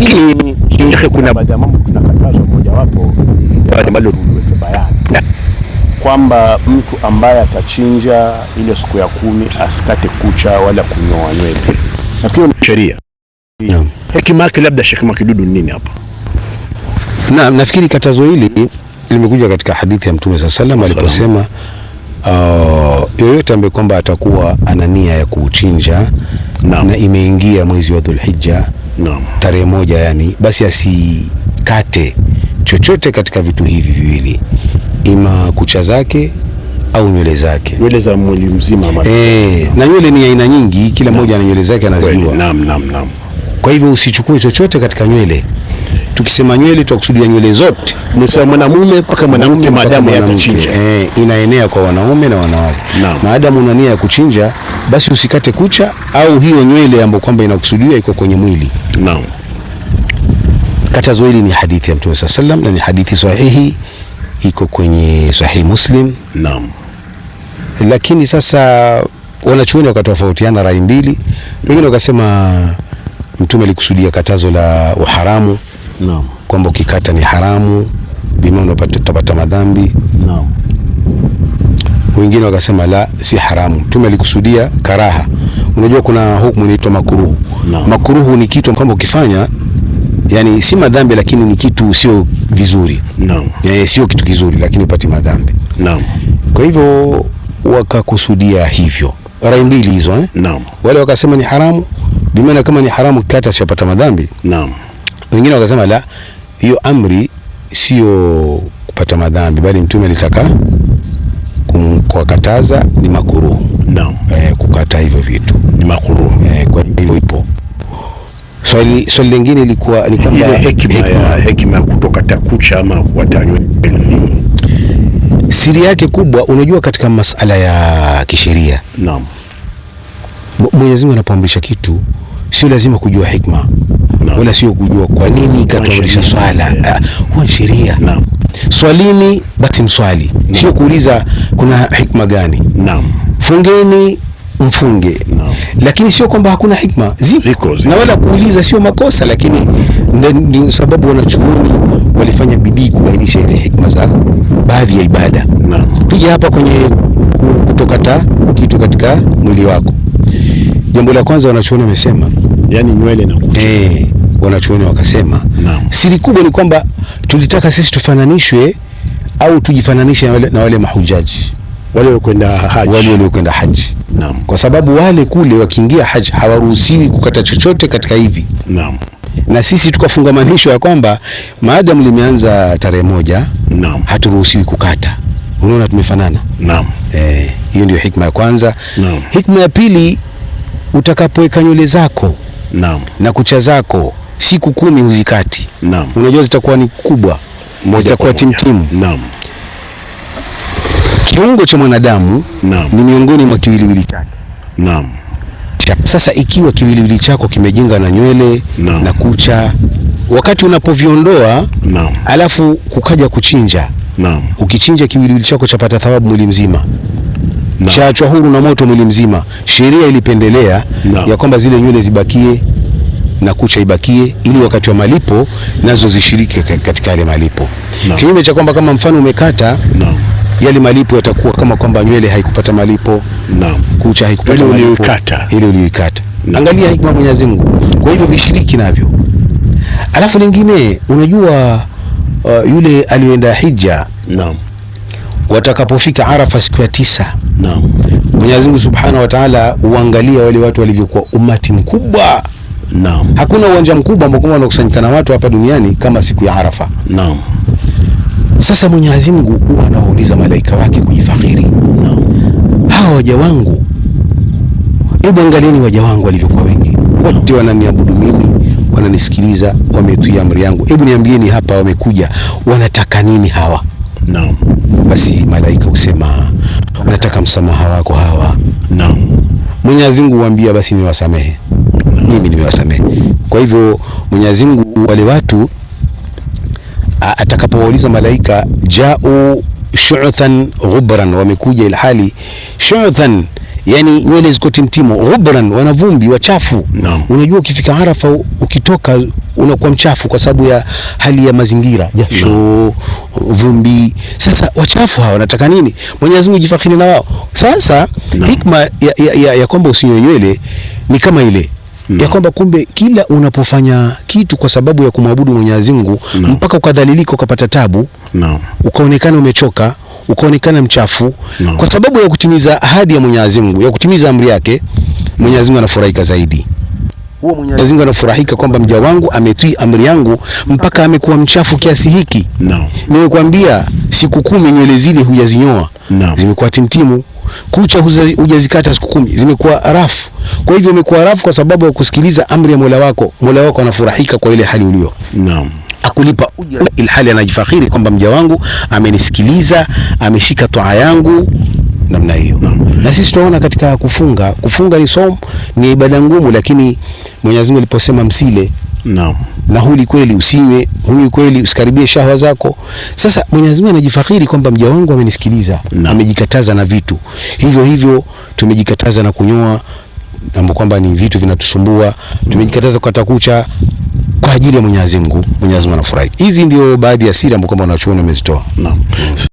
lakini kuna baadhi ya mambo tunakatazwa, wapo ambalo liweke bayana kwamba mtu ambaye atachinja ile siku ya kumi asikate kucha wala kunyoa nywele. Nafikiri ni sheria. Naam. Hekima yake labda Sheikh Mwakidudu nini hapa? Naam, nafikiri katazo hili limekuja katika hadithi ya Mtume sallallahu alaihi wasallam aliposema Uh, yoyote ambaye kwamba atakuwa ana nia ya kuuchinja na, na imeingia mwezi wa Dhulhijja no. tarehe moja yani, basi asikate chochote katika vitu hivi viwili, ima kucha zake au nywele zake, nywele za mwili mzima e, na nywele ni aina nyingi, kila mmoja ana nywele zake anazijua. Naam, naam, naam. Kwa hivyo usichukue chochote katika nywele. Tukisema nywele tunakusudia nywele zote, sawa mwanamume mpaka mwanamke, maadamu yatachinja. Eh, inaenea kwa wanaume na wanawake. Maadamu una nia ya kuchinja, basi usikate kucha au hiyo nywele ambayo kwamba inakusudiwa iko kwenye mwili. Naam. Katazo hili ni hadithi ya Mtume saa sallam na ni hadithi sahihi, iko kwenye Sahihi Muslim. Naam. Lakini sasa wanachuoni wakatofautiana rai mbili, wengine wakasema Mtume alikusudia katazo la uharamu. Naam. Kwamba ukikata ni haramu, bima utapata madhambi. Naam. Wengine wakasema la, si haramu, Mtume alikusudia karaha. Unajua kuna hukumu inaitwa makuruhu no. Makuruhu ni kitu kwamba ukifanya yani si madhambi, lakini ni kitu sio vizuri no. Yani, eh, sio kitu kizuri, lakini upati madhambi no. Kwa hivyo wakakusudia hivyo, rai mbili hizo eh? no. Wale wakasema ni haramu, bimaana kama ni haramu kata siwapata madhambi no. Wengine wakasema la, hiyo amri sio kupata madhambi, bali Mtume alitaka kuwakataza ni makuruhu no. Eh, kukata hivyo vitu ni makuruhu eh, kwa hivyo ipo Swali so, so lingine ilikuwa ni kama hekima ya hekima kutoka TAKUCHA ama kuwatanywa. Siri yake kubwa, unajua, katika masala ya kisheria, naam, Mwenyezi Mungu anapoamrisha kitu sio lazima kujua hikma no. wala sio kujua kwa nini ikatuamrisha swala yeah. huwa uh, sheria no. swalini basi mswali no. sio kuuliza kuna hikma gani no. fungeni mfunge no. Lakini sio kwamba hakuna hikma ziko, ziko, Na wala kuuliza sio makosa, lakini ndio sababu wanachuoni walifanya bidii kubainisha hizi hikma za baadhi ya ibada no. Tuje hapa kwenye kutokata kitu katika mwili wako. Jambo la kwanza wanachuoni wamesema, yani nywele na eh, wanachuoni wakasema no. Siri kubwa ni kwamba tulitaka sisi tufananishwe au tujifananishe na wale, na wale mahujaji wale waliokwenda haji, wale waliokwenda haji. Naam. Kwa sababu wale kule wakiingia haji hawaruhusiwi kukata chochote katika hivi. Naam. Na sisi tukafungamanishwa ya kwamba maadamu limeanza tarehe moja, naam, haturuhusiwi kukata. Unaona tumefanana. Naam. Eh, hiyo ndio hikma ya kwanza. Naam. Hikma ya pili, utakapoweka nywele zako naam, na kucha zako siku kumi huzikati. Naam. Unajua zitakuwa ni kubwa, zitakuwa timtimu. Naam kiungo cha mwanadamu ni miongoni mwa kiwiliwili chake naam. Sasa ikiwa kiwiliwili chako kimejenga na nywele na, na kucha, wakati unapoviondoa naam, alafu kukaja kuchinja naam, ukichinja kiwiliwili chako chapata thawabu mwili mzima chaachwa huru na moto mwili mzima. Sheria ilipendelea na, ya kwamba zile nywele zibakie na kucha ibakie, ili wakati wa malipo nazo zishiriki katika yale malipo kinyume cha kwamba kama mfano umekata no yale malipo yatakuwa kama kwamba nywele haikupata malipo, na kucha haikupata malipo, uliikata ile uliikata. Angalia hikma Mwenyezi Mungu. Kwa hivyo vishiriki navyo. Alafu lingine unajua, uh, yule aliyoenda hija, naam, watakapofika Arafa siku ya tisa, naam, Mwenyezi Mungu Subhanahu wa Ta'ala uangalia wale watu walivyokuwa umati mkubwa. Naam. Hakuna uwanja mkubwa ambao wanakusanyikana watu hapa duniani kama siku ya Arafa. Naam. Sasa Mwenyezi Mungu huwa anawauliza malaika wake kujifakhiri, hawa waja wangu, hebu angalieni waja wangu walivyokuwa wengi, wote wananiabudu mimi, wananisikiliza, wametuia amri yangu. Hebu niambieni hapa, wamekuja wanataka nini hawa? Naam. Basi malaika husema wanataka msamaha wako hawa. Naam. Mwenyezi Mungu huambia basi nimewasamehe mimi, nimewasamehe. Kwa hivyo Mwenyezi Mungu wale watu atakapowauliza malaika jau shu'than ghubran, wamekuja ilhali shu'than yani nywele ziko timtimo, ghubran wanavumbi wachafu. No. Unajua, ukifika Arafa ukitoka unakuwa mchafu kwa sababu ya hali ya mazingira, jasho no. vumbi. Sasa wachafu hawa wanataka nini? Mwenyezi Mungu jifakhiri na wao. Sasa no. hikma ya, ya, ya, ya kwamba usinywe nywele ni kama ile ya mm. kwamba kumbe kila unapofanya kitu kwa sababu ya kumwabudu Mwenyezi Mungu no. Mm. mpaka ukadhalilika ukapata tabu no. ukaonekana umechoka ukaonekana mchafu no. kwa sababu ya kutimiza ahadi ya Mwenyezi Mungu ya kutimiza amri yake, Mwenyezi Mungu anafurahika zaidi. Huo Mwenyezi Mungu anafurahika kwamba mja wangu ametii amri yangu mpaka amekuwa mchafu kiasi hiki no. Nimekwambia siku kumi nywele zile hujazinyoa no. zimekuwa timtimu kucha hujazikata siku kumi, zimekuwa rafu. Kwa hivyo imekuwa rafu kwa sababu ya kusikiliza amri ya Mola wako. Mola wako anafurahika kwa ile hali ulio naam akulipa ujira, ilhali anajifakhiri kwamba mja wangu amenisikiliza, ameshika toa yangu namna hiyo na, na sisi tunaona katika kufunga, kufunga ni somo, ni ibada ngumu, lakini Mwenyezi Mungu aliposema msile no. na huli kweli usiwe huli kweli usikaribie shahwa zako. Sasa Mwenyezi Mungu anajifakhiri kwamba mja wangu amenisikiliza, no. amejikataza na vitu hivyo hivyo, tumejikataza na kunyoa ambapo kwamba ni vitu vinatusumbua, tumejikataza kukata kucha kwa ajili ya Mwenyezi Mungu. Mwenyezi Mungu anafurahi. Hizi ndio baadhi ya siri ambapo kwamba wanachuoni wamezitoa. Naam.